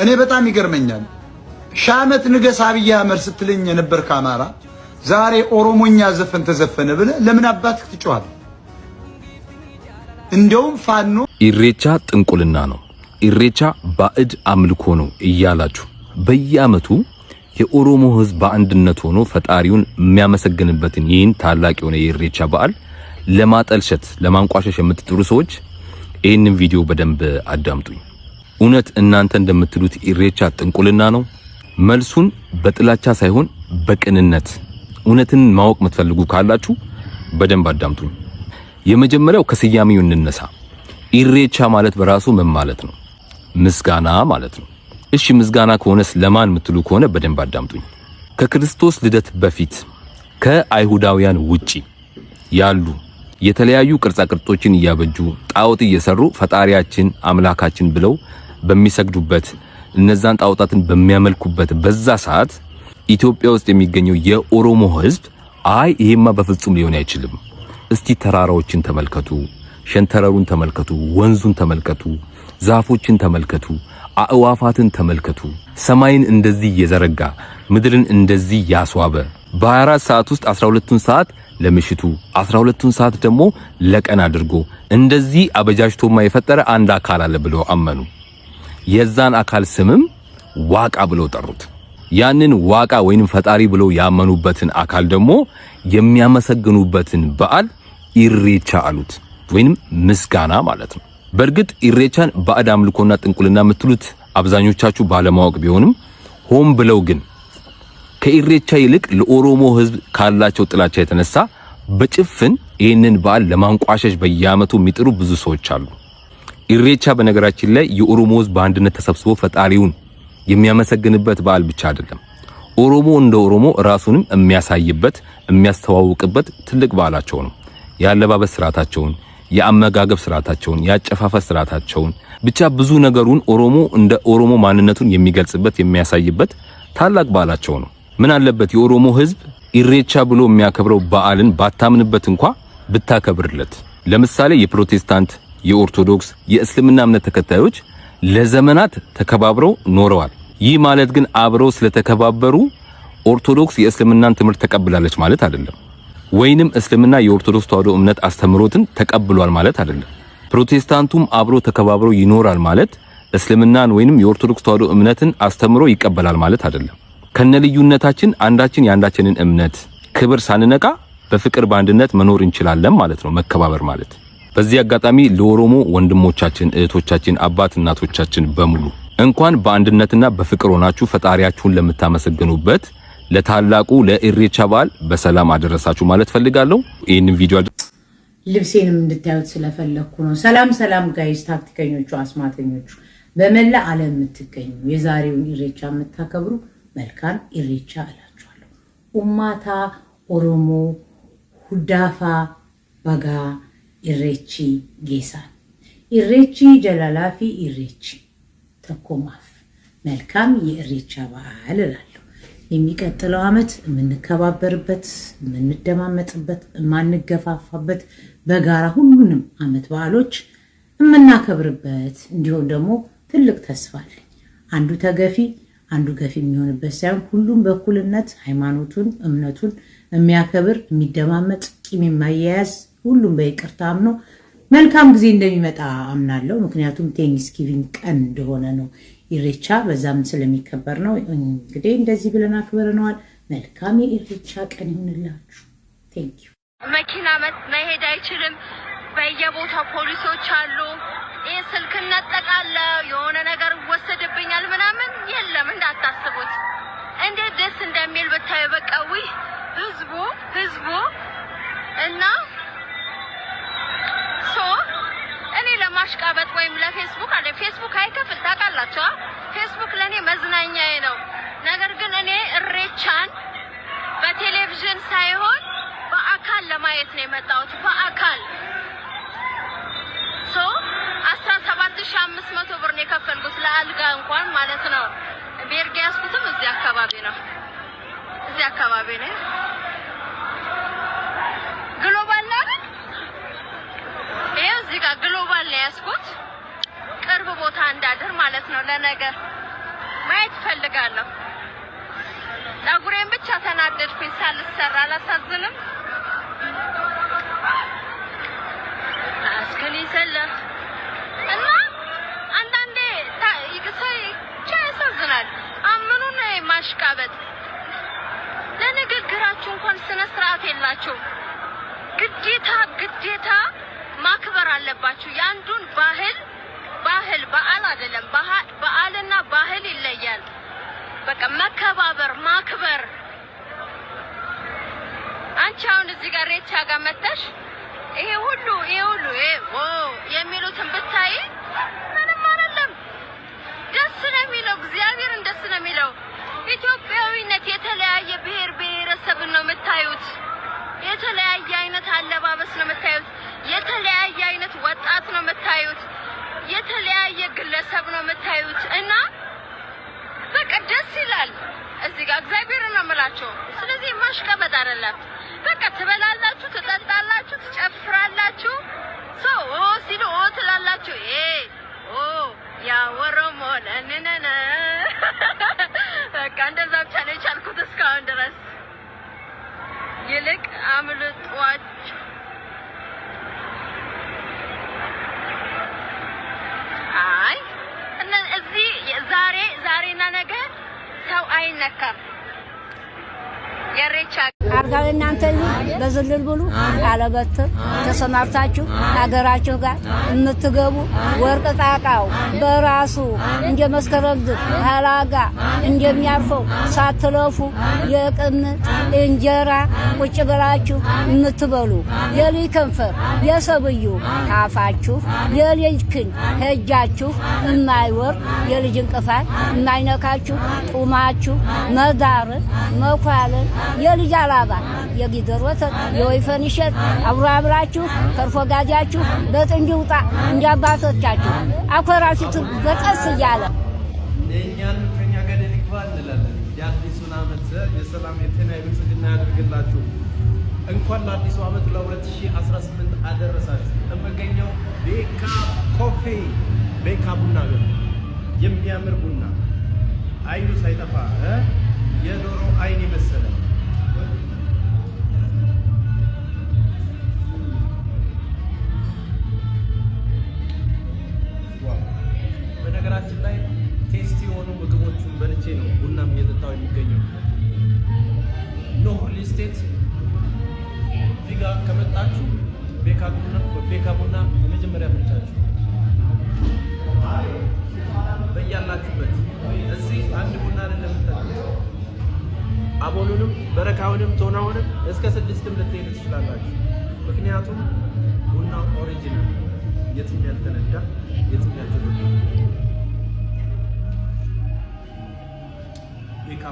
እኔ በጣም ይገርመኛል። ሺህ ዓመት ንገስ አብይ አህመድ ስትለኝ የነበር አማራ ዛሬ ኦሮሞኛ ዘፈን ተዘፈነ ብለ ለምን አባትህ ትጮሃል? እንደውም ፋኖ ኢሬቻ ጥንቁልና ነው፣ ኢሬቻ ባዕድ አምልኮ ነው እያላችሁ በየአመቱ የኦሮሞ ህዝብ በአንድነት ሆኖ ፈጣሪውን የሚያመሰግንበትን ይህን ታላቅ የሆነ የኢሬቻ በዓል ለማጠልሸት ለማንቋሸሽ የምትጥሩ ሰዎች ይህንን ቪዲዮ በደንብ አዳምጡኝ። እውነት እናንተ እንደምትሉት ኢሬቻ ጥንቁልና ነው? መልሱን በጥላቻ ሳይሆን በቅንነት እውነትን ማወቅ የምትፈልጉ ካላችሁ በደንብ አዳምጡኝ። የመጀመሪያው ከስያሜው እንነሳ። ኢሬቻ ማለት በራሱ ምን ማለት ነው? ምስጋና ማለት ነው። እሺ ምስጋና ከሆነስ ለማን የምትሉ ከሆነ በደንብ አዳምጡኝ። ከክርስቶስ ልደት በፊት ከአይሁዳውያን ውጪ ያሉ የተለያዩ ቅርጻቅርጾችን እያበጁ ጣዖት እየሰሩ ፈጣሪያችን አምላካችን ብለው በሚሰግዱበት እነዛን ጣውጣትን በሚያመልኩበት በዛ ሰዓት ኢትዮጵያ ውስጥ የሚገኘው የኦሮሞ ህዝብ አይ ይሄማ በፍጹም ሊሆን አይችልም፣ እስቲ ተራራዎችን ተመልከቱ፣ ሸንተረሩን ተመልከቱ፣ ወንዙን ተመልከቱ፣ ዛፎችን ተመልከቱ፣ አእዋፋትን ተመልከቱ፣ ሰማይን እንደዚህ እየዘረጋ ምድርን እንደዚህ ያስዋበ በ24 ሰዓት ውስጥ 12ቱን ሰዓት ለምሽቱ 12ቱን ሰዓት ደግሞ ለቀን አድርጎ እንደዚህ አበጃጅቶማ የፈጠረ አንድ አካል አለ ብለው አመኑ። የዛን አካል ስምም ዋቃ ብለው ጠሩት። ያንን ዋቃ ወይንም ፈጣሪ ብለው ያመኑበትን አካል ደግሞ የሚያመሰግኑበትን በዓል ኢሬቻ አሉት፣ ወይንም ምስጋና ማለት ነው። በእርግጥ ኢሬቻን ባዕድ አምልኮና ጥንቁልና የምትሉት አብዛኞቻችሁ ባለማወቅ ቢሆንም ሆም ብለው ግን ከኢሬቻ ይልቅ ለኦሮሞ ሕዝብ ካላቸው ጥላቻ የተነሳ በጭፍን ይህንን በዓል ለማንቋሸሽ በየዓመቱ የሚጥሩ ብዙ ሰዎች አሉ። ኢሬቻ በነገራችን ላይ የኦሮሞ ህዝብ በአንድነት ተሰብስቦ ፈጣሪውን የሚያመሰግንበት በዓል ብቻ አይደለም። ኦሮሞ እንደ ኦሮሞ ራሱንም የሚያሳይበት የሚያስተዋውቅበት ትልቅ በዓላቸው ነው። የአለባበስ ስርዓታቸውን፣ የአመጋገብ ስርዓታቸውን፣ የአጨፋፈስ ስርዓታቸውን ብቻ ብዙ ነገሩን ኦሮሞ እንደ ኦሮሞ ማንነቱን የሚገልጽበት የሚያሳይበት ታላቅ በዓላቸው ነው። ምን አለበት የኦሮሞ ህዝብ ኢሬቻ ብሎ የሚያከብረው በዓልን ባታምንበት እንኳ ብታከብርለት። ለምሳሌ የፕሮቴስታንት የኦርቶዶክስ የእስልምና እምነት ተከታዮች ለዘመናት ተከባብረው ኖረዋል። ይህ ማለት ግን አብረው ስለተከባበሩ ኦርቶዶክስ የእስልምናን ትምህርት ተቀብላለች ማለት አይደለም፣ ወይንም እስልምና የኦርቶዶክስ ተዋሕዶ እምነት አስተምሮትን ተቀብሏል ማለት አይደለም። ፕሮቴስታንቱም አብሮ ተከባብሮ ይኖራል ማለት እስልምናን ወይንም የኦርቶዶክስ ተዋሕዶ እምነትን አስተምሮ ይቀበላል ማለት አይደለም። ከነልዩነታችን አንዳችን የአንዳችንን እምነት ክብር ሳንነቃ በፍቅር በአንድነት መኖር እንችላለን ማለት ነው መከባበር ማለት በዚህ አጋጣሚ ለኦሮሞ ወንድሞቻችን፣ እህቶቻችን፣ አባት እናቶቻችን በሙሉ እንኳን በአንድነትና በፍቅር ሆናችሁ ፈጣሪያችሁን ለምታመሰግኑበት ለታላቁ ለኢሬቻ በዓል በሰላም አደረሳችሁ ማለት ፈልጋለሁ። ይህንን ቪዲዮ ልብሴንም እንድታዩት ስለፈለግኩ ነው። ሰላም ሰላም ጋይስ፣ ታክቲከኞቹ፣ አስማተኞቹ በመላ ዓለም የምትገኙ የዛሬውን ኢሬቻ የምታከብሩ መልካም ኢሬቻ እላችኋለሁ። ኡማታ ኦሮሞ ሁዳፋ በጋ Irreechii Geesaan. Irreechii Jalalaa fi Irreechi tokkummaaf መልካም የእሬቻ በዓል እላለሁ። የሚቀጥለው ዓመት የምንከባበርበት፣ የምንደማመጥበት፣ የማንገፋፋበት በጋራ ሁሉንም ዓመት በዓሎች የምናከብርበት እንዲሁም ደግሞ ትልቅ ተስፋ አለኝ። አንዱ ተገፊ አንዱ ገፊ የሚሆንበት ሳይሆን ሁሉም በእኩልነት ሃይማኖቱን፣ እምነቱን የሚያከብር የሚደማመጥ ቂም የማያያዝ ሁሉም በይቅርታ አምኖ መልካም ጊዜ እንደሚመጣ አምናለሁ። ምክንያቱም ቴኒስ ቴንክስጊቪንግ ቀን እንደሆነ ነው ኢሬቻ በዛም ስለሚከበር ነው። እንግዲህ እንደዚህ ብለን አክብረነዋል። መልካም የኢሬቻ ቀን ይሁንላችሁ። ቴንኪዩ። መኪና መሄድ አይችልም። በየቦታው ፖሊሶች አሉ። ለማሽቃበጥ ወይም ለፌስቡክ አለ ፌስቡክ አይከፍል ታውቃላችሁ። ፌስቡክ ለኔ መዝናኛዬ ነው። ነገር ግን እኔ እሬቻን በቴሌቪዥን ሳይሆን በአካል ለማየት ነው የመጣሁት። በአካል ሶ 17500 ብር ነው የከፈልኩት ለአልጋ እንኳን ማለት ነው። ቤርጌ ያስኩትም እዚህ አካባቢ ነው። እዚህ አካባቢ ነው ግሎባል ይሄው እዚህ ጋር ግሎባል ነው ያዝኩት። ቅርብ ቦታ እንዳድር ማለት ነው። ለነገር ማየት እፈልጋለሁ። ፀጉሬን ብቻ ተናደድኩኝ ሳልሰራ አላሳዝንም። አስከሊ ሰለ እና አንዳንዴ ብቻ ያሳዝናል። አምኑን ማሽቃበጥ ለንግግራችሁ እንኳን ስነ ስርዓት የላችሁ። ግዴታ ግዴታ ማክበር አለባችሁ። የአንዱን ባህል ባህል በዓል አይደለም በዓልና ባህል ይለያል። በቃ መከባበር ማክበር። አንቺ አሁን እዚህ ጋር ሬቻ ጋር መተሽ ይሄ ሁሉ ይሄ ሁሉ ይሄ ኦ የሚሉትን ብታይ ምንም አይደለም። ደስ ነው የሚለው እግዚአብሔርን ደስ ነው የሚለው ኢትዮጵያዊነት። የተለያየ ብሔር ብሔረሰብን ነው የምታዩት። የተለያየ አይነት አለባበስ ነው የምታዩት። የተለያየ አይነት ወጣት ነው የምታዩት፣ የተለያየ ግለሰብ ነው የምታዩት እና በቃ ደስ ይላል። እዚህ ጋር እግዚአብሔር ነው የምላቸው። ስለዚህ ማሽቀበጥ አይደለም። በቃ ትበላላችሁ፣ ትጠጣላችሁ፣ ትጨፍራላችሁ። ሰው ኦ ሲሉ ኦ ትላላችሁ። ኤ ኦ ያ ወሮሞ ለነነነ በቃ እንደዛ ብቻ ነው የቻልኩት እስካሁን ድረስ ይልቅ አምልጧችሁ ay nakat. አርጋው እናንተ በዝልል ብሉ አለበትር ተሰማርታችሁ አገራችሁ ጋር የምትገቡ ወርቅ ጣቃው በራሱ እንደ መስከረም ሀላጋ እንደሚያርፈው ሳትለፉ የቅምጥ እንጀራ ቁጭ ብላችሁ የምትበሉ የልጅ ከንፈር የሰብዩ ታፋችሁ የልጅ ክን ሄጃችሁ የማይወር የልጅ እንቅፋት የማይነካችሁ ጡማችሁ መዳርን መኳልን የልጅ አላባ የጊደሮት የወይፈን ይሸት አብሮ አብራችሁ ከርፎ ጋጃችሁ በጥንጅ ውጣ እንደ አባቶቻችሁ አኮራፊቱ በቀስ እያለ እኛን ከኛ ገደል ይግባ እንላለን። የአዲሱን ዓመት የሰላም የጤና የብልጽግና ያደርግላችሁ። እንኳን ለአዲሱ ዓመት ለ2018 አደረሳችሁ። የምገኘው ቤካ ኮፌ ቤካ ቡና ቤት የሚያምር ቡና አይኑ ሳይጠፋ የዶሮ አይን የመሰለ እዚህ ጋር ከመጣችሁ ቤካ ቡና የመጀመሪያ ምርጫችሁ በያላችሁበት። እዚህ አንድ ቡና አይደለም የምታውቁት፣ አቦሉንም በረካውንም ቶናውንም እስከ ስድስትም ልትሄዱ ትችላላችሁ። ምክንያቱም ቡና ኦሪጂናል የትም ያልተነዳ የትም ያልተነዳ ቤካ